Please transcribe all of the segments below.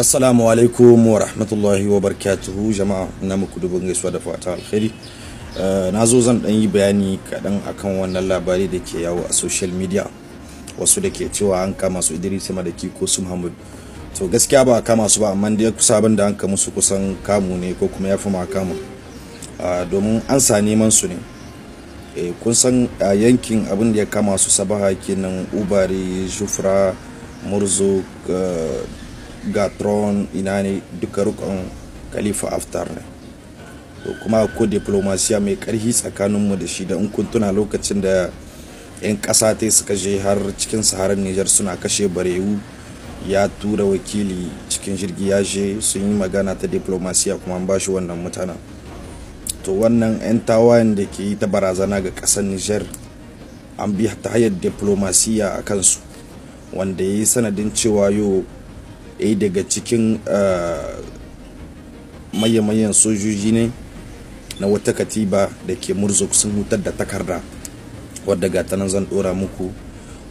assalamu alaikum wa rahmatullahi wa barakatuhu jama'a na muku dubin gaisuwa da fata alkhairi eh, na zo zan dan yi bayani kaɗan akan wannan labari da ke yawo a social media wasu da ke cewa an kama su idris sama da kiko su muhammad to gaskiya ba kama su ba amma da kusa abin da an kama su kusan kamu ne ko kuma ya fi ma kamu ah, domin an sa neman su ne eh, kun san yankin abin da ya kama su sabaha kenan ubari shufra murzo eh, ga gatron ina ne duka rukun kalifa aftar ne to kuma ko diplomasiya mai karhi mu da shi da in kun tuna lokacin da 'yan ƙasa ta suka je har cikin saharar nijar suna kashe barewu ya tura wakili cikin jirgi ya je sun yi magana ta diplomasiya kuma an bashi wannan mutanen to wannan 'yan tawayen da ke yi ta barazana ga ƙasar niger an bi ta hanyar diplomasiya a kansu wanda ya yi sanadin cewa yau ɗaya daga cikin eh, mayan sojoji ne na wata katiba da ke murzuk sun hutar da takarda wadda gata nan zan dora muku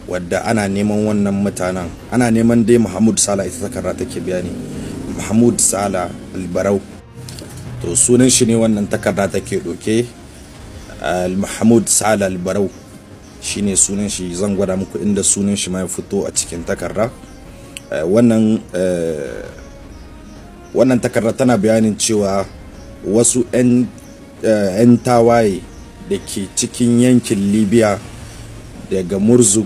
wadda ana neman wannan mutanen ana neman dai muhammad sala ita takarda take biya ne muhammad sala albarau to sunan shi ne wannan takarda take doke eh, muhammad sala albarau shine sunan shi zan gwada muku inda sunan shi ma ya fito a cikin takarda Eh, wannan eh, wannan takarda tana bayanin cewa wasu 'yan eh, tawaye da ke cikin yankin libya daga murzu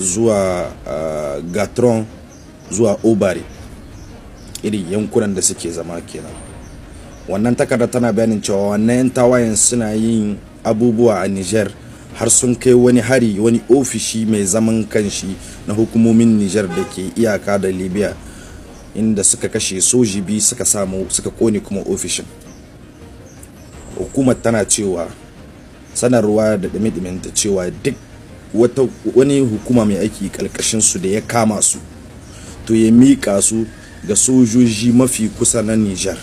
zuwa gatron zuwa obari irin yankunan da suke zama kenan wannan takarda tana bayanin cewa wannan 'yan tawayen suna yin abubuwa a niger har sun kai wani hari wani ofishi mai zaman kanshi na hukumomin Nijar da ke iyaka da Libya inda suka kashe soji biyu suka samu suka kone kuma ofishin. Hukumar tana cewa sanarwa da dame cewa duk wani hukuma mai aiki kalkashin su da ya kama su to ya miƙa su ga sojoji mafi kusa na Nijar.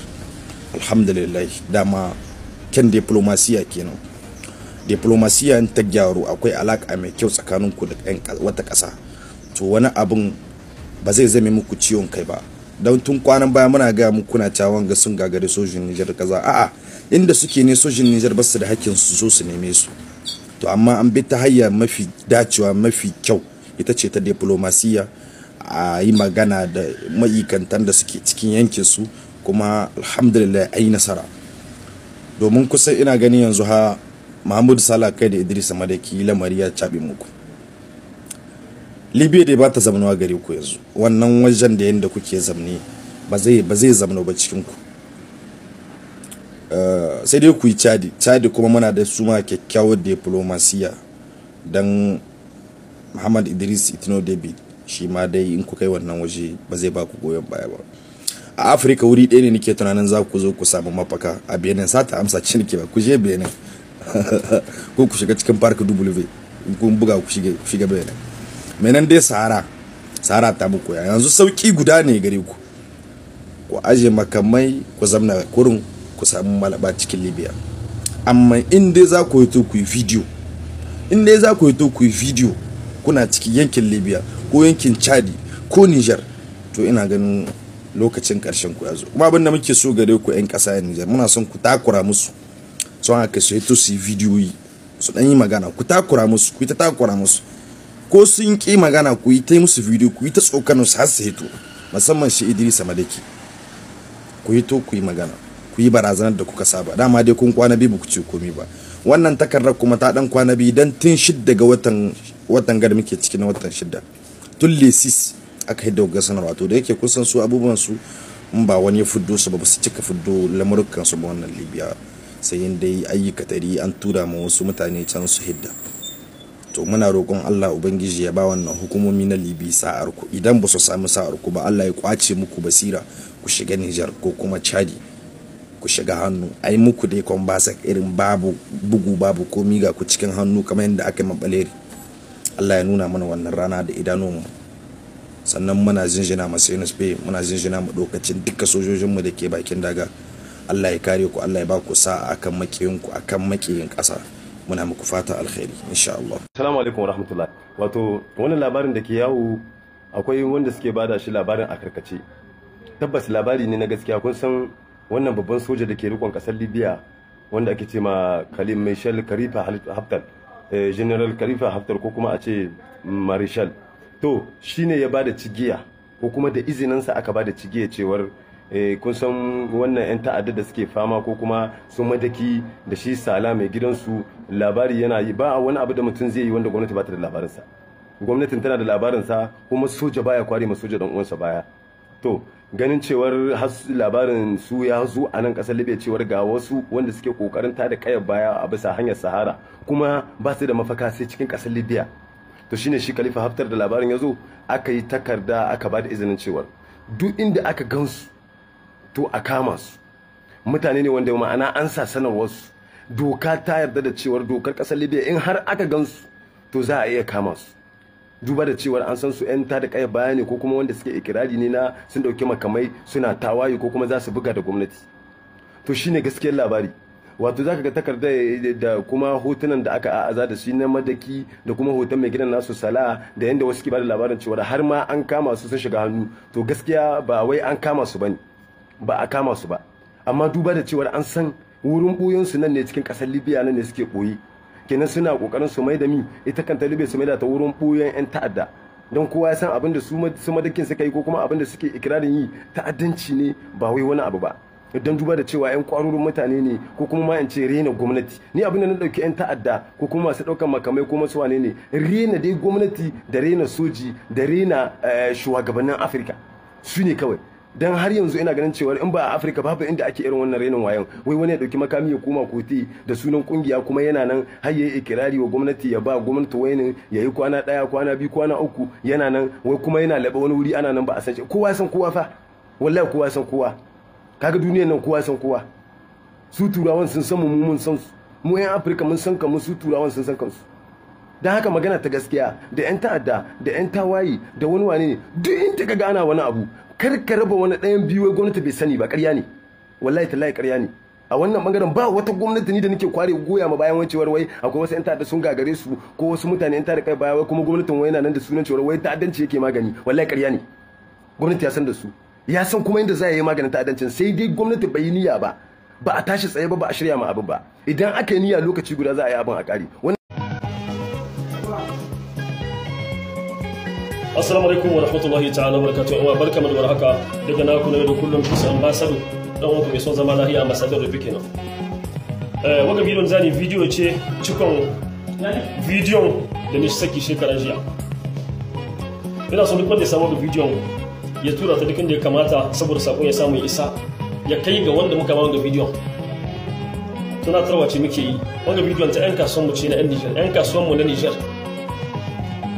Alhamdulillah dama kyan diplomasiya kenan. diplomasiya in ta gyaru akwai alaka mai kyau tsakanin ku da wata ƙasa to wani abin ba zai zame muku ciwon kai ba don tun kwanan baya muna gaya muku kuna cewa ga sun gagari sojin Nijar kaza a'a inda suke ne sojin Nijar basu da hakkin su zo su neme su to amma an bi ta hayya mafi dacewa mafi kyau ita ce ta diplomasiya a yi magana da ma'aikantan da suke cikin yankin su kuma alhamdulillah ai nasara domin kusan ina gani yanzu ha mahmud salah kai da idris madaki lamari ya cabe muku libya dai ba ta zamanuwa gare ku yanzu wannan wajen da yadda kuke zamne ba zai ba zai ba cikin ku eh, sai dai ku yi chadi chadi kuma muna da su ma kyakkyawar diplomasiya don muhammad idris Itno david shi ma dai in ku kai wannan waje ba zai ba ku goyon baya ba a afirka wuri ɗaya ne nake tunanin za ku zo ku samu mafaka a benin sata amsa ciniki ba ku je benin ko ku shiga cikin park w kun buga ku shige ku shige mai nan dai sahara sahara ta muku ya yanzu sauki guda ne gare ku ku aje makamai ku zamna kurin ku samu malaba cikin libya amma in dai za ku yi to ku yi video in dai za ku yi to ku yi video kuna cikin yankin libya ko yankin chadi ko niger to ina ganin lokacin karshen ku ya kuma abin da muke so gare ku 'yan ƙasa ya muna son ku takura musu sun ka su to su yi bidiyoyi su dan yi magana ku takura musu ku ta takura musu ko sun ki magana ku yi ta musu bidiyo ku yi ta tsokanin su har su hito musamman shi Idris Amadeki ku yi to ku yi magana ku yi barazanar da kuka saba dama dai kun kwana biyu ku ce komai ba wannan takardar kuma ta dan kwana biyu dan tun shidda ga watan watan gar muke cikin watan shidda tun lesis aka yi dogon sanarwa to da yake kusan su abubuwan su in ba wani ya fuddo su ba su cika fuddo lamurkan su ba wannan libya sai dai ayyuka ɗari an tura ma wasu mutane can su hidda to muna roƙon Allah ubangiji ya ba wannan hukumomi na libi sa'ar ku idan ba su samu sa'ar ku ba Allah ya kwace muku basira ku shiga Nijar ko kuma Chadi ku shiga hannu ai muku dai kon ba sa irin babu bugu babu komi ga ku cikin hannu kamar yadda aka yi baleri Allah ya nuna mana wannan rana da idanunmu sannan muna jinjina ma Sinus Bay muna jinjina mu dokacin duka sojojinmu da ke bakin daga Allah ya kare ku Allah ya ba ku sa'a akan makiyin ku akan makiyin ƙasa muna muku fata alkhairi insha Allah assalamu alaikum warahmatullahi wato wannan labarin da ke yawo akwai wanda suke bada shi labarin a karkace tabbas labari ne na gaskiya kun san wannan babban soja da ke rikon kasar Libya wanda ake ce ma Khalid Mishal Karifa Haftar eh, General Karifa Haftar ko kuma a ce Marshal to shine ya bada cigiya ko kuma da sa aka bada cigiya cewar Eh, kun san wannan 'yan ta'adda da suke fama ko kuma sun madaki da shi sala mai gidansu labari yana yi ba wani abu da mutum zai yi wanda gwamnati ba ta da labarinsa gwamnatin tana da labarinsa kuma soja baya kware ma soja dan uwansa baya to ganin cewar labarin su ya zo a nan kasar libya cewar ga wasu wanda suke kokarin da kaya baya a bisa hanyar sahara kuma ba su da mafaka sai cikin kasar libya to shine shi khalifa haftar da labarin ya zo aka yi takarda aka ba da izinin cewar duk inda aka gansu to a kama su mutane ne wanda ma'ana an sa sanarwarsu doka ta yarda da cewar dokar ƙasar libya in har aka gansu to za a iya kama su duba da cewar an san su 'yan ta da kaya baya ne ko kuma wanda suke ikirari ne na sun dauki makamai suna tawaye ko kuma za su buga da gwamnati to shine gaskiyar labari wato za ka ga takarda da kuma hotunan da aka a'aza da shi na madaki da kuma hoton mai gidan nasu sala da yanda wasu ke bada labarin cewar har ma an kama su sun shiga hannu to gaskiya ba wai an kama su bane ba a kama su ba amma duba da cewar an san wurin boyonsu nan ne cikin kasar libya nan ne suke boye kenan suna kokarin su mai da mi ita kanta libya su mai da ta wurin boyon 'yan ta'adda don kowa ya san abin da su madakin suka yi ko kuma abin da suke ikirarin yi ta'addanci ne ba wai wani abu ba don duba da cewa 'yan kwarorin mutane ne ko kuma ma ce rena gwamnati ni abin da na dauki 'yan ta'adda ko kuma masu daukan makamai ko masu wane ne rena dai gwamnati da rena soji da rena eh, shugabannin afirka su ne kawai dan har yanzu ina ganin cewa in ba a Afirka babu inda ake irin wannan renin wayan wai wani ya dauki makami ya koma koti da sunan kungiya kuma yana nan har yayi ikirari wa gwamnati ya ba gwamnati wayanin yayi kwana daya kwana biyu kwana uku yana nan wai kuma yana laba wani wuri ana nan ba a san kowa san kowa fa wallahi kowa san kowa kaga duniyar nan kowa san kowa su turawan sun san mu mun san su mu yan Afirka mun san kanmu su turawan sun san kansu don haka magana ta gaskiya da 'yan ta'adda da 'yan tawayi da wani wane ne duk in ta ga ana wani abu kar ka raba wani ɗayan biyu gwamnati bai sani ba ƙarya ne wallahi tallahi ƙarya ne a wannan bangaren ba wata gwamnati ni da nake kware goya ma bayan wancewar wai akwai wasu yan da sun gagare su ko wasu mutane ta da kai baya wai kuma gwamnatin wai na nan da sunan cewar wai ta'addanci yake magani wallahi ƙarya ne gwamnati ya san da su ya san kuma yadda za a yi maganin ta'addancin sai dai gwamnati bai niyya ba ba a tashi tsaye ba ba a shirya ma abin ba idan aka yi niyya lokaci guda za a yi abin a ƙari السلام عليكم ورحمة الله تعالى وبركاته وبركاته من ورحكا أنا كنا يدو كلهم في سنبا سبو نحن في سوى زمانا هي أمساد ربكنا أه، وقا بيرون زاني فيديو اتشي چكو فيديو دنش سكي شكرا جيا لنا سنو قد يسا وقا فيديو يتورا تدكن دي كماتا سبور ساقو يسامو يسا يكايي غوان دمو كما وقا فيديو تنا تروا چي مكي وقا فيديو انت انكا سومو چينا انجر انكا سومو لنجر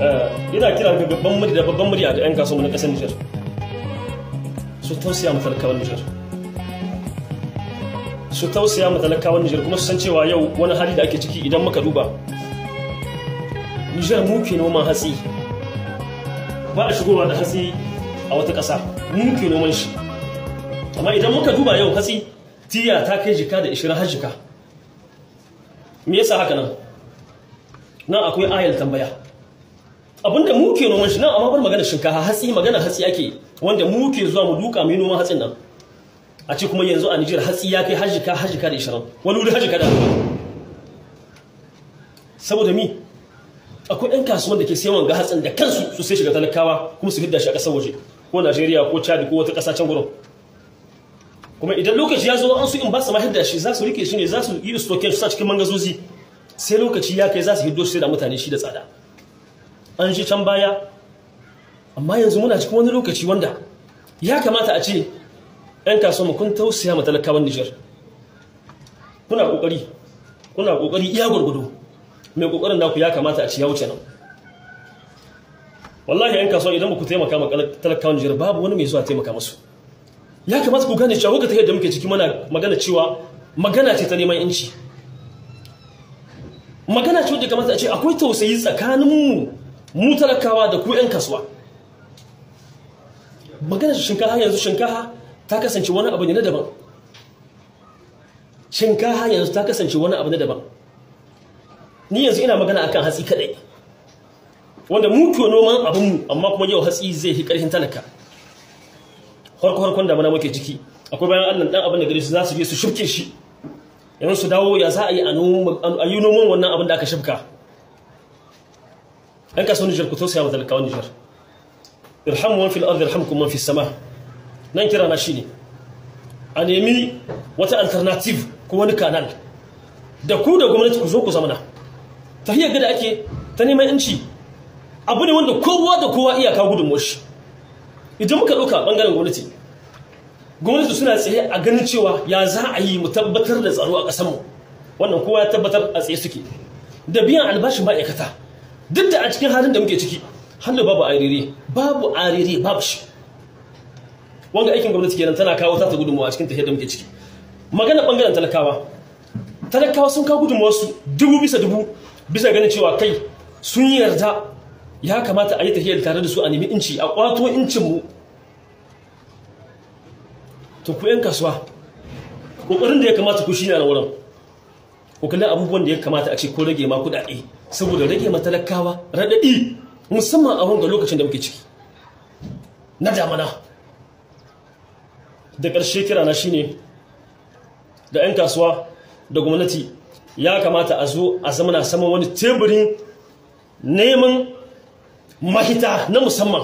Eh, ina kira ga babban murya da babban murya da yan kasuwa na kasar Nijar su tausaya mu talakawan Nijar su tausaya mu talakawan Nijar kuma su san cewa yau wani hali da ake ciki idan muka duba Nijar mu ke noman hatsi ba a shigowa da hatsi a wata ƙasa mu ke noman shi amma idan muka duba yau hatsi tiya ta kai jika da ishirin har jika me yasa haka nan nan akwai ayar tambaya abinda muke noman shi nan amma bar magana shinkafa hatsi magana hatsi ake wanda muke zuwa mu duka mai noman hatsin nan a ce kuma yanzu a Nijar hatsi ya kai hajjika hajjika da 20 wani wuri hajjika da saboda mi akwai ɗan kasuwan da ke sayan ga hatsin da kansu su sai shiga talakawa kuma su fidda shi a ƙasar waje ko Najeriya ko Chad ko wata ƙasa can gurin kuma idan lokaci ya zo an su in ba su ma hidda shi za su rike shi ne za su yi stokin su sa cikin mangazozi sai lokaci ya kai za su hiddo shi da mutane shi da tsada an shi can baya amma yanzu muna cikin wani lokaci wanda ya kamata a ce 'yan kasuwa mu kun tausaya ma talakawan nijar kuna kokari kuna kokari iya gurgudu mai kokarin naku ya kamata a ce ya wuce nan wallahi 'yan kasuwa idan muku taimaka ma talakawan nijar babu wani mai zuwa taimaka masu ya kamata ku gane cewa kuka ta yadda muke ciki mana magana cewa magana ce ta neman inci magana ce wadda kamata a ce akwai tausayi tsakaninmu mu talakawa da ku 'yan kasuwa maganar shinkafa yanzu shinkafa ta kasance wani abu ne na daban shinkaha yanzu ta kasance wani abu na daban ni yanzu ina magana akan hatsi kadai wanda mu to noman abinmu amma kuma yau hatsi zai yi ƙarfin talaka harko harkon da mana muke ciki akwai bayan Allah dan abin da gari su za su je su shirke shi yanzu su dawo ya za a yi a yi noman wannan abin da aka shifka ɗan kasuwar Nijar ku tausaya wa talakawan Nijar irhamu wani fil ardi irhamkum man fis sama nan kira na shine a nemi wata alternative ko wani kanal da ku da gwamnati ku zo ku zamana tahiyar gada ake ta neman yanci abu ne wanda kowa da kowa iyaka gudunmuwar shi idan muka ɗauka ɓangaren gwamnati gwamnati suna tsaye a ganin cewa ya za a yi mu tabbatar da tsaro a ƙasarmu wannan kowa ya tabbatar a tsaye suke da biyan albashin ma'aikata duk da a cikin halin da muke ciki hannu babu ariri babu ariri babu shi wanda aikin gwamnati kenan tana kawo ta gudunmawa a cikin tafiyar da muke ciki magana bangaren talakawa talakawa sun kawo su dubu bisa dubu bisa ganin cewa kai sun yarda ya kamata a yi tafiyar tare da su a nemi inci a kwato incinmu to ku 'yan kasuwa ƙoƙarin da ya kamata ku shi ne a wurin ku kalli abubuwan da ya kamata a ce ko rage ma kuɗaɗe saboda rage matalakawa raɗaɗi musamman a wanga lokacin da muke ciki na damana da ƙarshe na shine da 'yan kasuwa da gwamnati ya kamata a zo a zamana saman wani teburin neman mahita na musamman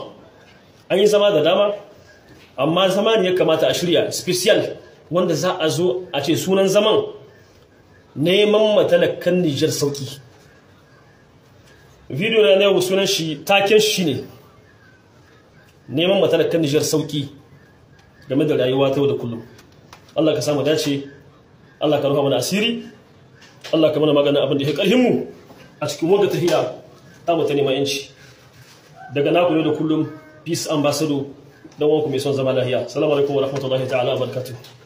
an yi zama da dama amma zama ne ya kamata a shirya special wanda za a zo a ce sunan zaman neman matalakan nijar sauki video na yau sunan shi taken shi ne neman matalakan Nijar sauki game da rayuwa ta da kullum Allah ka samu dace Allah ka ruha mana asiri Allah ka mana maganin abin da ya karhin mu a cikin wadda ta mu ta neman yanci daga naku yau da kullum peace ambassador don wanku mai son zama lahiya salamu alaikum wa rahmatullahi ta'ala wa barakatuh